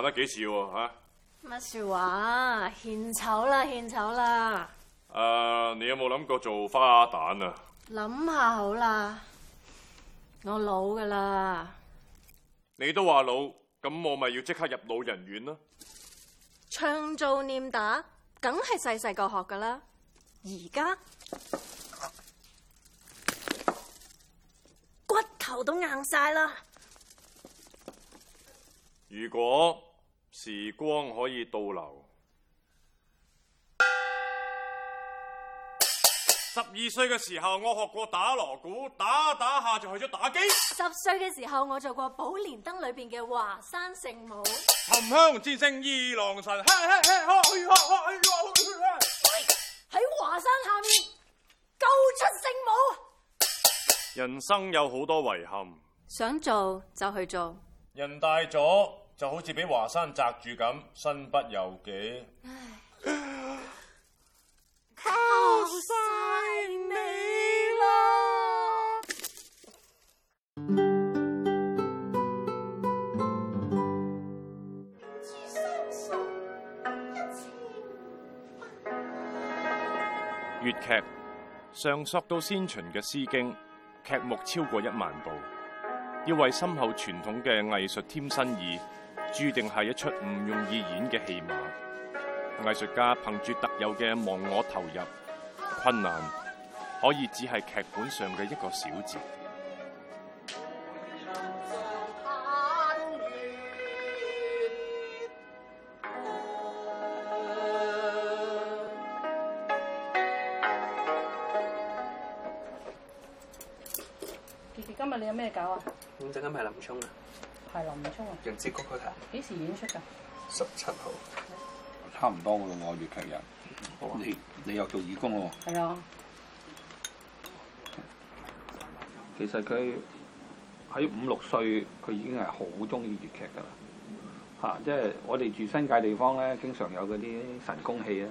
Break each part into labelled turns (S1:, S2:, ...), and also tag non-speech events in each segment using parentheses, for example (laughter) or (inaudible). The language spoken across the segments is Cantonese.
S1: 扮得幾次喎？嚇！
S2: 乜說話？獻醜啦，獻醜啦！
S1: 誒，uh, 你有冇諗過做花旦啊？
S2: 諗下好啦，我老噶啦。
S1: 你都話老，咁我咪要即刻入老人院囉？
S2: 唱做念打，梗係細細個學噶啦。而家骨頭都硬晒啦。
S1: 如果，時光可以倒流。十二歲嘅時候，我學過打鑼鼓，打打下就去咗打機。
S2: 十歲嘅時候，我做過《寶蓮燈》裏邊嘅華山聖母。
S1: 沉香戰勝二郎神，
S2: 喺華山下面救出聖母。
S1: 人生有好多遺憾，
S2: 想做就去做。
S1: 人大咗。就好似俾華山紮住咁，身不由己。
S3: 靠晒你啦！
S1: 粵劇上溯到先秦嘅《詩經》，劇目超過一萬部，要為深厚傳統嘅藝術添新意。注定係一出唔容易演嘅戲碼，藝術家憑住特有嘅忘我投入，困難可以只係劇本上嘅一個小節。
S4: 爹爹，今日你有咩搞啊？
S5: 唔使今日林沖啊！
S4: 係林妙中啊！日節局嗰頭幾時演出㗎？十七號差唔多喎，我粵劇人。啊、你你又做義工喎？係啊的，其實佢喺五六歲，佢已經係好中意粵劇㗎啦。即係、嗯啊就是、我哋住新界地方咧，經常有嗰啲神功戲啊，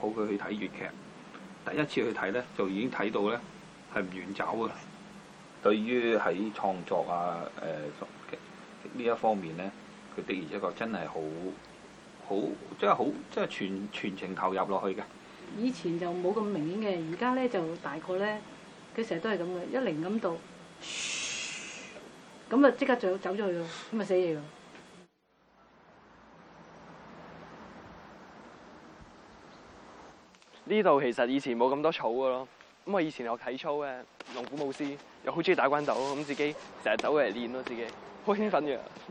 S4: 抱佢去睇粵劇。第一次去睇咧，就已經睇到咧係唔願走啊。對於喺創作啊，呃呢一方面咧，佢的而且確真係好好，即係好即係全全程投入落去嘅。以前就冇咁明顯嘅，而家咧就大個咧，佢成日都係咁嘅，一零咁度，咁啊即刻走走了就走咗去咯，咁咪死嘢咯。
S5: 呢度其實以前冇咁多草㗎咯。咁啊！以前學體操嘅，龍虎武師又好中意打關斗，咁自己成日走嚟練咯，自己好興奮嘅。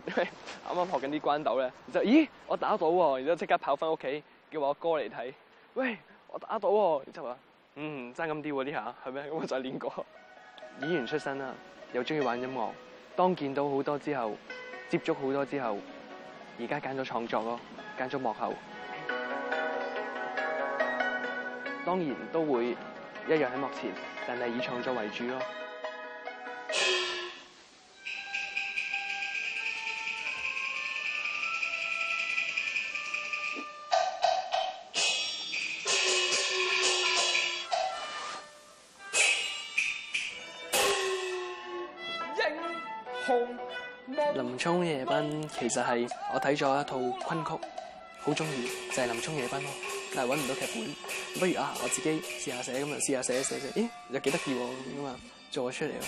S5: 因為啱啱學緊啲關斗咧，就咦，我打到喎，然之後即刻跑翻屋企，叫我哥嚟睇。喂，我打到喎，然之後話嗯，爭咁啲喎啲下，係咪？咁我就練過。演員出身啦，又中意玩音樂。當見到好多之後，接觸好多之後，而家揀咗創作咯，揀咗幕後。當然都會。一樣喺幕前，但係以創作為主咯。
S4: 英雄 (noise) 林
S5: 沖夜奔其實係我睇咗一套昆曲，好鍾意就係、是、林沖夜奔咯。但係揾唔到劇本，不如啊，我自己試下寫咁啊，試下寫寫寫，咦又幾得意喎咁啊，做咗出嚟咯。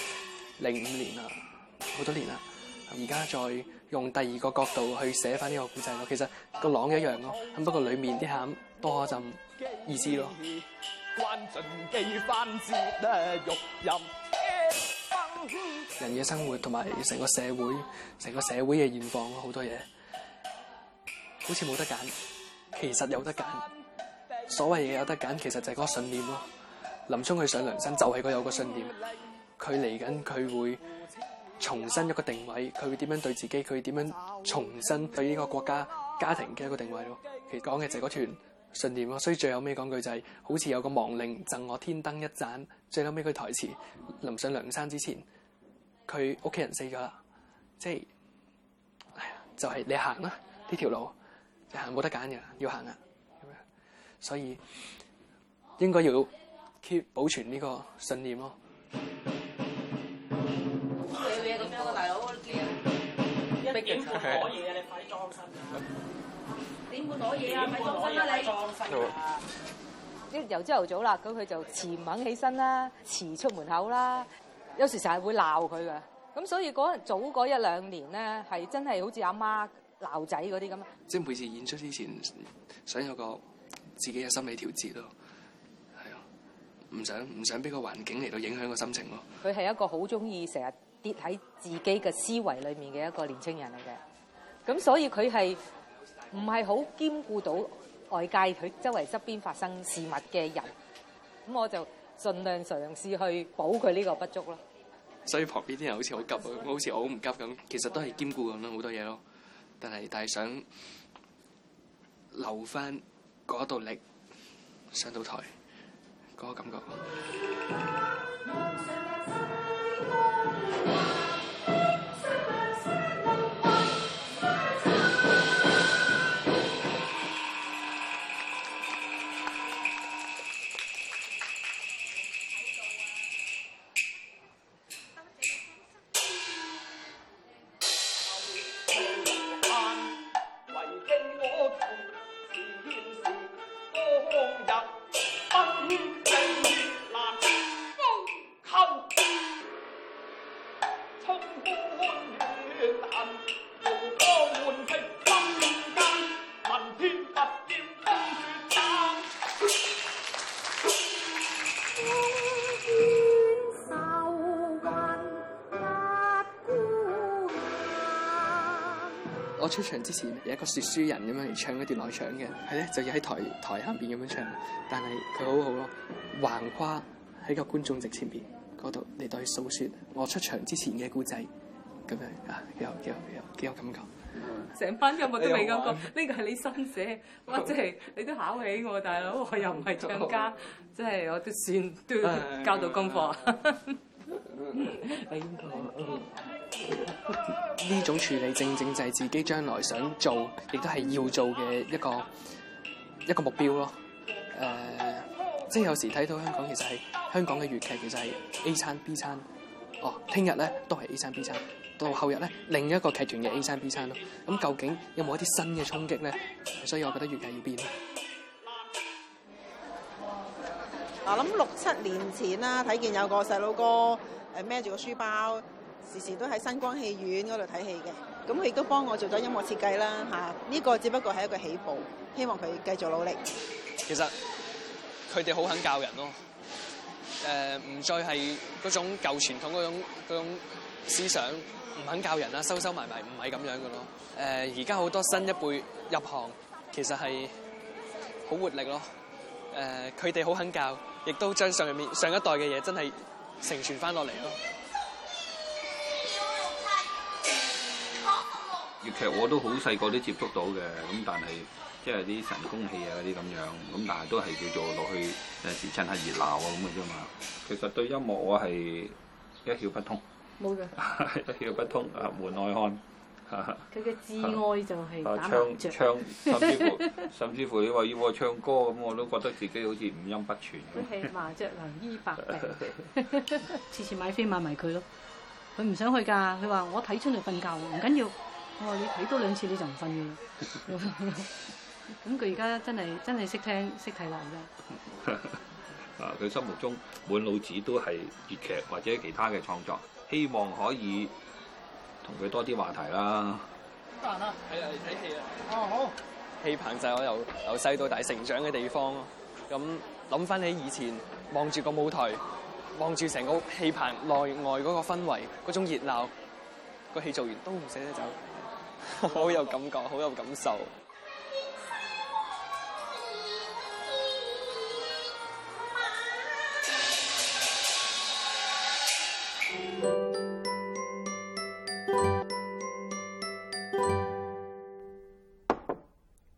S5: 零五年喇，好多年啦，而家再用第二個角度去寫翻呢個故仔咯。其實個廊一樣咯，不過裏面啲餡多一陣意思咯。人嘅生活同埋成個社會，成個社會嘅現況好多嘢好似冇得揀，其實有得揀。所謂嘢有得揀，其實就係嗰個信念咯。林沖去上梁山就係佢有個信念，佢嚟緊佢會重新一個定位，佢會點樣對自己，佢會點樣重新對呢個國家家庭嘅一個定位咯。其實講嘅就係嗰段信念咯。所以最後尾講句就係，好似有個亡靈贈我天燈一盞。最後尾句台詞，臨上梁山之前，佢屋企人死咗啦，即係，哎呀，就係你行啦呢條路，你行冇得揀嘅，要行啊！所以應該要 keep 保存呢個信念咯。逼住
S3: 攞嘢啊！你快啲裝
S4: 身
S3: 啊！點會攞嘢啊？咪裝身啊！你
S5: 裝
S6: 身，即由朝頭早啦，咁佢就遲唔肯起身啦，遲出門口啦。有時成日會鬧佢㗎，咁所以嗰早嗰一兩年咧，係真係好似阿媽鬧仔嗰啲咁。即
S5: 係每次演出之前，想有個自己嘅心理調節咯，係啊，唔想唔想俾個環境嚟到影響個心情咯。
S6: 佢係一個好中意成日跌喺自己嘅思維裏面嘅一個年青人嚟嘅，咁所以佢係唔係好兼顧到外界佢周圍側邊發生事物嘅人，咁我就盡量嘗試去
S3: 補佢呢個不足咯。
S5: 所以旁邊啲人好似好急，好似我好唔急咁，其實都係兼顧緊好多嘢咯，但係但係想留翻。嗰一道力上到台，嗰個感覺。 (music) (music) 我出場之前有一個説書人咁樣嚟唱一段內場嘅，係咧就要喺台台下邊咁樣唱，但係佢好好咯，橫跨喺個觀眾席前邊嗰度你對訴説我出場之前嘅故仔，咁樣啊，好，有好，幾有，有感
S3: 覺，成、嗯、班音樂都未講過，呢、哎、呦個係你新寫，哇！即係 (laughs) 你都考起我大佬，我又唔係唱家，即係 (laughs) 我都算都交到功課，
S5: 呢種處理正正就係自己將來想做，亦都係要做嘅一個一個目標咯。誒、呃，即係有時睇到香港其實係香港嘅粵劇，其實係 A 餐 B 餐哦。聽日咧都係 A 餐 B 餐，到後日咧另一個劇團嘅 A 餐 B 餐咯。咁究竟有冇一啲新嘅衝擊咧？所以我覺得粵劇要變啦。我，諗
S4: 六七年前啦，睇見有個細佬哥誒孭住個書包。時時都喺新光戲院嗰度睇戲嘅，咁佢亦都幫我做咗音樂設計啦，嚇、啊、呢個只不過係一個起步，希望佢繼續努力。
S5: 其實佢哋好肯教人咯，誒、呃、唔再係嗰種舊傳統嗰種嗰種思想，唔肯教人啦，收收埋埋，唔係咁樣嘅咯。誒，而家好多新一輩入行，其實係好活力咯。誒，佢哋好肯教，亦都將上面上一代嘅嘢真係承傳翻落嚟咯。
S4: 粵劇我都好細個都接觸到嘅，咁但係即係啲神功戲啊啲咁樣，咁但係都係叫做落去誒，節趁下熱鬧啊咁啊啫嘛。其實對音樂我係一竅不通，冇嘅的 (laughs) 一竅不通啊，門外漢。佢嘅至愛就係打麻雀 (laughs) 唱唱甚至乎， (laughs) 甚至乎甚至乎，你話要我唱歌咁，我都覺得自己好似五音不全。嗰啲麻雀林依百病，次 (laughs) (laughs) 次買飛買埋佢咯，佢唔想去㗎。佢話我睇出嚟瞓覺唔緊要。我話你睇多兩次你就唔瞓嘅，咁佢 (laughs) 而家真係真係識聽識睇鬧啦。啊！佢心目中滿腦子都係粵劇或者其他嘅創作，希望可以同佢多啲話題啦。得閒啦，睇嚟睇戲啦。哦，好。戲棚就係我由由細到大
S5: 成長嘅地方咯。咁諗翻起以前望住個舞台，望住成個戲棚內外嗰個氛圍，嗰種熱鬧，個戲做完都唔捨得走。好 (laughs) 有感覺，好有感受。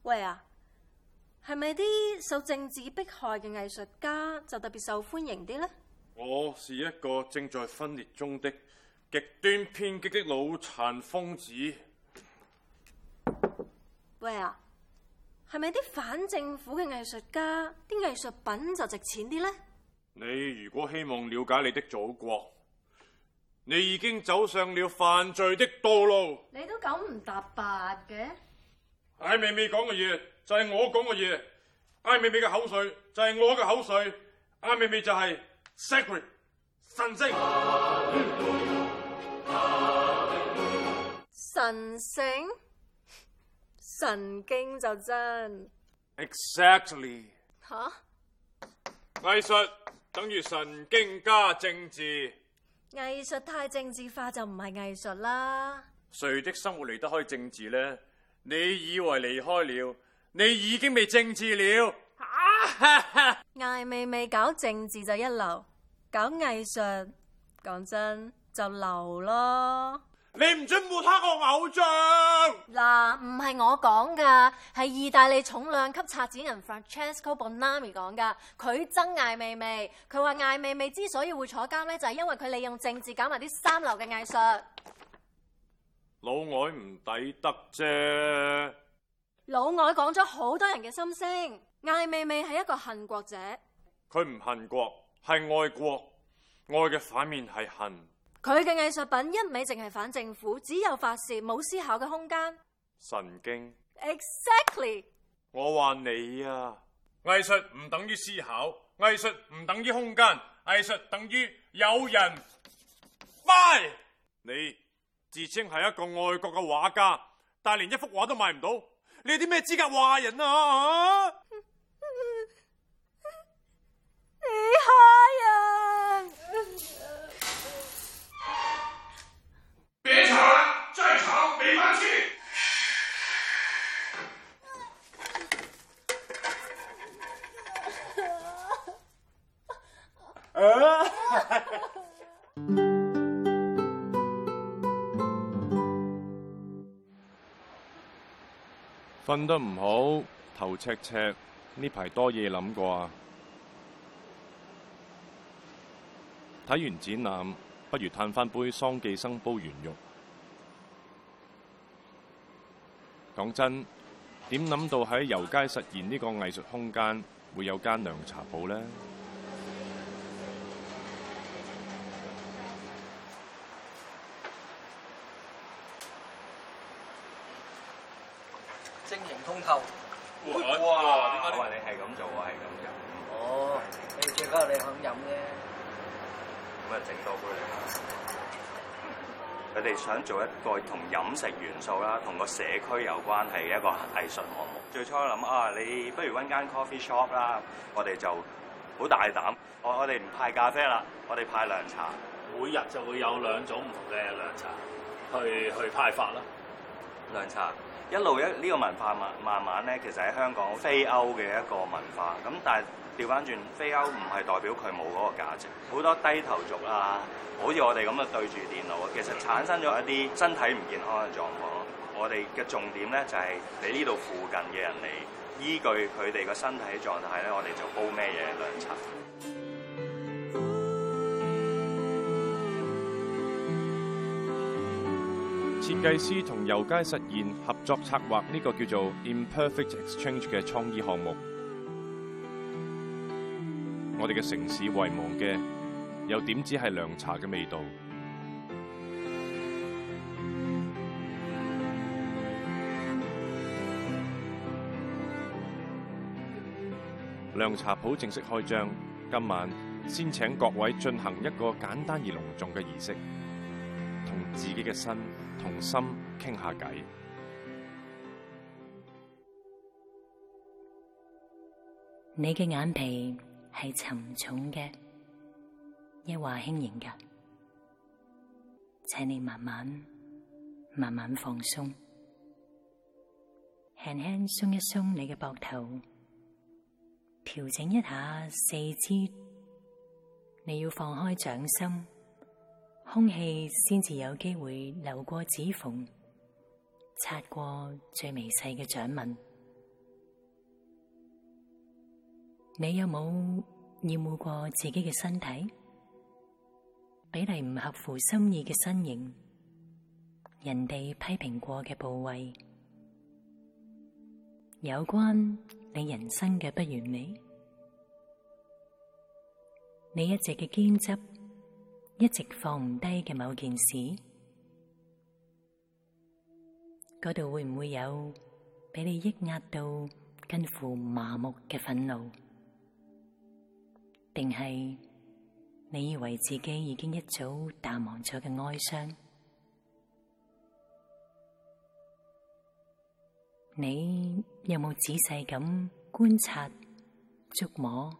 S2: 喂啊，係咪啲受政治迫害嘅藝術家就特別受歡迎啲呢？
S1: 我是一個正在分裂中的極端偏激的腦殘瘋子。
S2: 喂啊，係咪啲反政府嘅藝術家啲藝術品就值錢啲咧？
S1: 你如果希望了解你的祖國，你已經走上了犯罪的道路。
S2: 你都九唔搭八嘅。
S1: 艾美美講嘅嘢就係、是、我講嘅嘢，艾美美嘅口水就係我嘅口水，艾美美就係、是、secret 神聖、啊嗯啊嗯、
S2: 神聖。神
S1: 經就真，exactly 吓，藝術等於神經加政治，
S2: 藝術太政治化就唔係藝術啦。
S1: 誰的生活離得開政治呢？你以為離開了，你已經被政治了？
S2: 哈 (laughs) 艾未未搞政治就一流，搞藝術講真就流咯。你唔准抹黑我偶像！嗱，唔係我講噶，係意大利重量級策展人 Francesco Bonami 講噶。佢憎艾未未，佢話艾未未之所以會坐監咧，就係因為佢利用政治搞埋啲三流嘅藝術。
S1: 老外唔抵得啫。
S2: 老外講咗好多人嘅心聲。艾未未係一個恨國者。
S1: 佢唔恨國，係愛國。愛嘅反面係恨。
S2: 佢嘅藝術品一味淨係反政府，只有發泄，冇思考嘅空間。
S1: 神經。
S2: Exactly。
S1: 我話你啊，藝術唔等於思考，藝術唔等於空間，藝術等於有人 buy 你自稱係一個愛國嘅畫家，但係連一幅畫都賣唔到，你有啲咩資格話人啊？哎
S2: 呀！ (laughs) 瞓、
S1: 啊、 (laughs) 得唔好，頭赤赤，呢排多嘢諗啩。睇完展覽，不如嘆翻杯桑寄生煲圓肉。講真，點諗到喺油街實現呢個藝術空間，會有間涼茶鋪呢？
S6: 我哋想做一個同飲食元素啦，同個社區有關係嘅一個藝術項目。最初諗啊，你不如揾間 coffee shop 啦，我哋就好大膽。我我哋唔派咖啡啦，我哋派涼茶。每日就會有兩種唔同嘅涼茶去去派發啦。涼茶一路一呢個文化慢慢慢咧，其實喺香港非歐嘅一個文化咁，但係。調翻轉，飛歐唔係代表佢冇嗰個價值。好多低頭族啊，好似我哋咁啊，對住電腦啊，其實產生咗一啲身體唔健康嘅狀況。我哋嘅重點咧就係，你呢度附近嘅人嚟，依據佢哋個身體狀態咧，我哋就煲咩嘢涼茶。
S1: 設計師同遊街實驗合作策劃，呢個叫做 Imperfect Exchange 嘅創意項目。我哋嘅城市遺忘嘅，又點止係涼茶嘅味道？涼茶鋪正式開張，今晚先請各位進行一個簡單而隆重嘅儀式，同自己嘅身、同心傾下
S3: 偈。聊聊你嘅眼皮。係沉重嘅，抑或輕盈嘅？請你慢慢、慢慢放鬆，輕輕鬆一鬆你嘅膊頭，調整一下四肢。你要放開掌心，空氣先至有機會流過指縫，擦過最微細嘅掌紋。你有冇厭惡過自己嘅身體？比例唔合乎心意嘅身形，人哋批評過嘅部位，有關你人生嘅不完美，你一直嘅堅執，一直放唔低嘅某件事，嗰度會唔會有俾你抑壓到近乎麻木嘅憤怒？定係你以為自己已經一早淡忘咗嘅哀傷？你有冇仔細咁觀察、觸摸，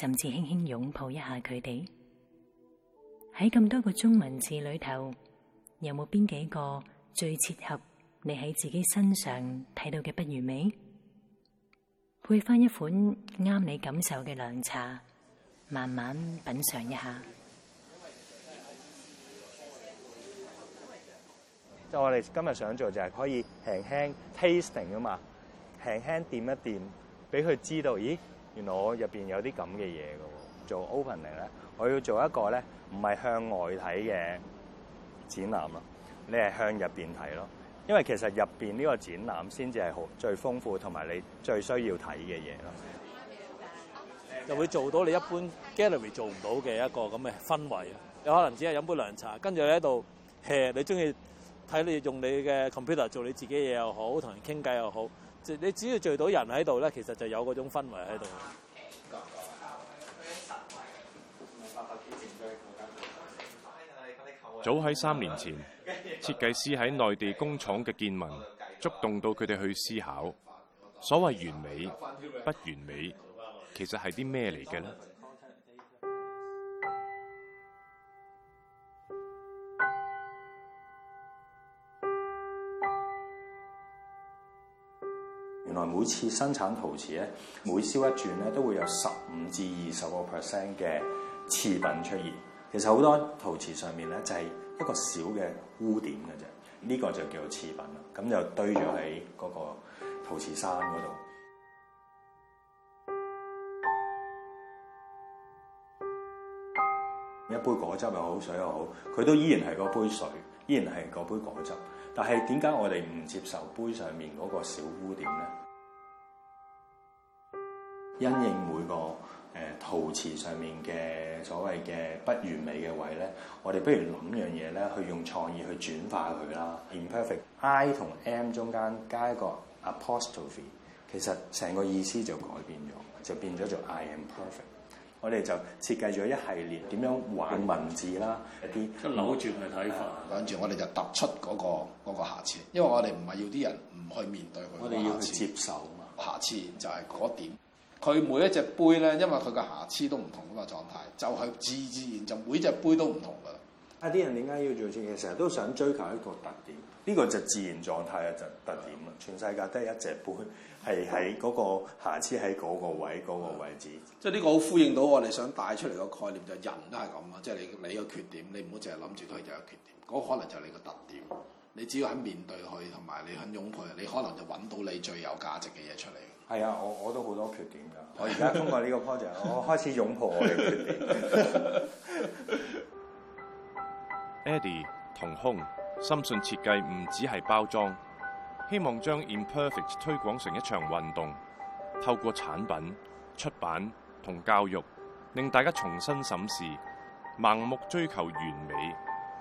S3: 甚至輕輕擁抱一下佢哋？喺咁多個中文字裏頭，有冇邊幾個最切合你喺自己身上睇到嘅不完美？配翻一款啱你感受嘅涼茶。慢慢品嘗一
S6: 下，我哋今日想做就係可以輕輕 tasting 啊嘛，輕輕掂一掂，俾佢知道，咦，原來我入邊有啲咁嘅嘢㗎。做 opening 咧，我要做一個咧，唔係向外睇嘅展覽咯，你係向入邊睇咯，因為其實入邊呢個展覽先至係好最豐富同埋你最需要睇嘅嘢咯。就會做到你一般 gallery 做唔到嘅一個咁嘅氛圍。有可能只係飲杯涼茶，跟住喺度 hea。你中意睇你用你嘅 computer 做你自己嘢又好，同人傾偈又好。你只要聚到人喺度咧，其實就有嗰種氛圍喺度。
S1: 早喺三年前，設計師喺內地工廠嘅見聞，觸動到佢哋去思考。所謂完美，不完美。其實係啲咩嚟嘅
S3: 咧？
S6: 原來每次生產陶瓷咧，每燒一轉咧，都會有十五至二十個 percent 嘅次品出現。其實好多陶瓷上面咧，就係一個小嘅污點嘅啫。呢個就叫做次品啦。咁就堆咗喺嗰個陶瓷山嗰度。一杯果汁又好，水又好，佢都依然係嗰杯水，依然係嗰杯果汁。但係點解我哋唔接受杯上面嗰個小污點咧？因應每個誒、呃、陶瓷上面嘅所謂嘅不完美嘅位咧，我哋不如諗樣嘢咧，去用創意去轉化佢啦。Imperfect I 同 M 中間加一個 apostrophe，其實成個意思就改變咗，就變咗做 I am perfect。我哋就設計咗一系列點樣玩文字啦，嗯、一啲些跟扭轉嘅睇法，扭轉、哎、呀我哋就突出嗰、那個那個瑕疵，因為我哋唔係要啲人唔去面對佢嘅瑕疵，我哋要去接受啊嘛，瑕疵就係嗰點。佢每一隻杯咧，因為佢個瑕疵都唔同啊嘛，狀態就係、是、自自然就每一隻杯都唔同噶啦。一啲人點解要做設計，成日都想追求一個特點。呢個就自然狀態啊，就特點啦，全世界都得一隻杯，係喺嗰個瑕疵喺嗰個位嗰個位置。即係呢個好呼應到我哋想帶出嚟個概念，就係人都係咁啊！即係你你個缺點，你唔好淨係諗住佢就有缺點，嗰可能就係你個特點。你只要肯面對佢，同埋你肯擁抱，你可能就揾到你最有價值嘅嘢出嚟。係啊，我我都好多缺點㗎。我而家通過呢個 project，我開始擁抱我嘅
S1: 缺點。 (laughs) Eddie，瞳深信設計唔只係包裝，希望將 imperfect 推廣成一場運動，透過產品、出版同教育，令大家重新審視盲目追求完美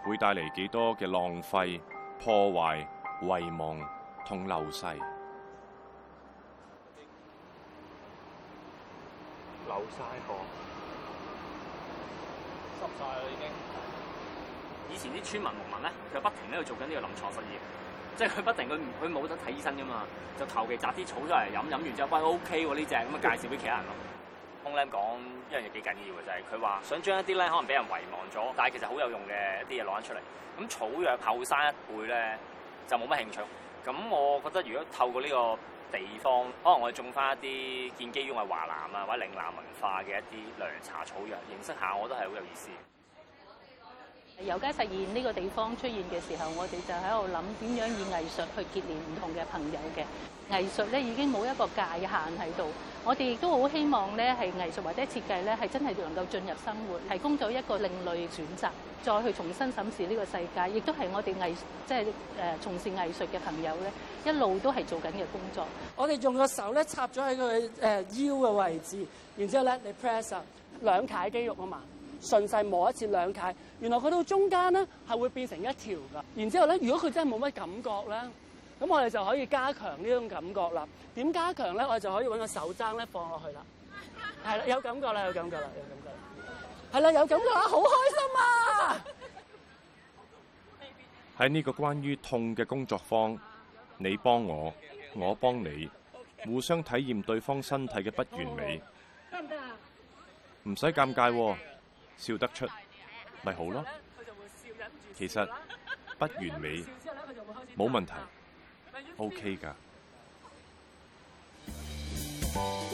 S1: 會帶嚟幾多嘅浪費、破壞、遺忘同流逝。
S6: 流曬汗，濕曬啦已經。以前啲村民農民咧，佢不停喺度做緊呢個臨床實驗，即係佢不停佢佢冇得睇醫生噶嘛，就求其摘啲草出嚟飲，飲完之後覺得 OK 喎呢隻，咁啊介紹俾其他人咯。空林講一樣嘢幾緊要嘅就係佢話想將一啲咧可能俾人遺忘咗，但係其實好有用嘅一啲嘢攞翻出嚟。咁草藥後生一輩咧就冇乜興趣。咁我覺得如果透過呢個地方，可能我哋種翻一啲建基於我華南啊或者嶺南文化嘅一啲涼茶草藥，認識下我都係好有意思。
S3: 由街實現呢個地方出現嘅時候，我哋就喺度諗點樣以藝術去結連唔同嘅朋友嘅藝術咧，已經冇一個界限喺度。我哋亦都好希望咧，係藝術或者設計咧，係真係能夠進入生活，提供咗一個另類選擇，再去重新審視呢個世界。亦都係我哋藝術即係誒、呃、從事藝術嘅朋友咧，一路都係做緊嘅工作。
S4: 我哋用個手咧插咗喺佢腰
S6: 嘅位置，然之後咧你 press 兩肋肌肉啊嘛。順勢摸一次兩界，原來佢到中間呢係會變成一條㗎。然之後咧，如果佢真係冇乜感覺咧，
S5: 咁我哋就可以加強呢種感覺啦。點加強咧？我哋就可以搵個手踭咧放落去啦。係啦， (laughs) 有感覺啦，有感覺啦，有感
S3: 覺啦。係啦，有感覺啦，好開心啊！
S1: 喺呢個關於痛嘅工作坊，你幫我，我幫你，互相體驗對方身體嘅不完美，
S3: 得
S1: 唔得呀？唔使尷尬啊。笑得出，咪好咯。
S4: 其實不完美，冇問題
S1: ，OK 噶。OK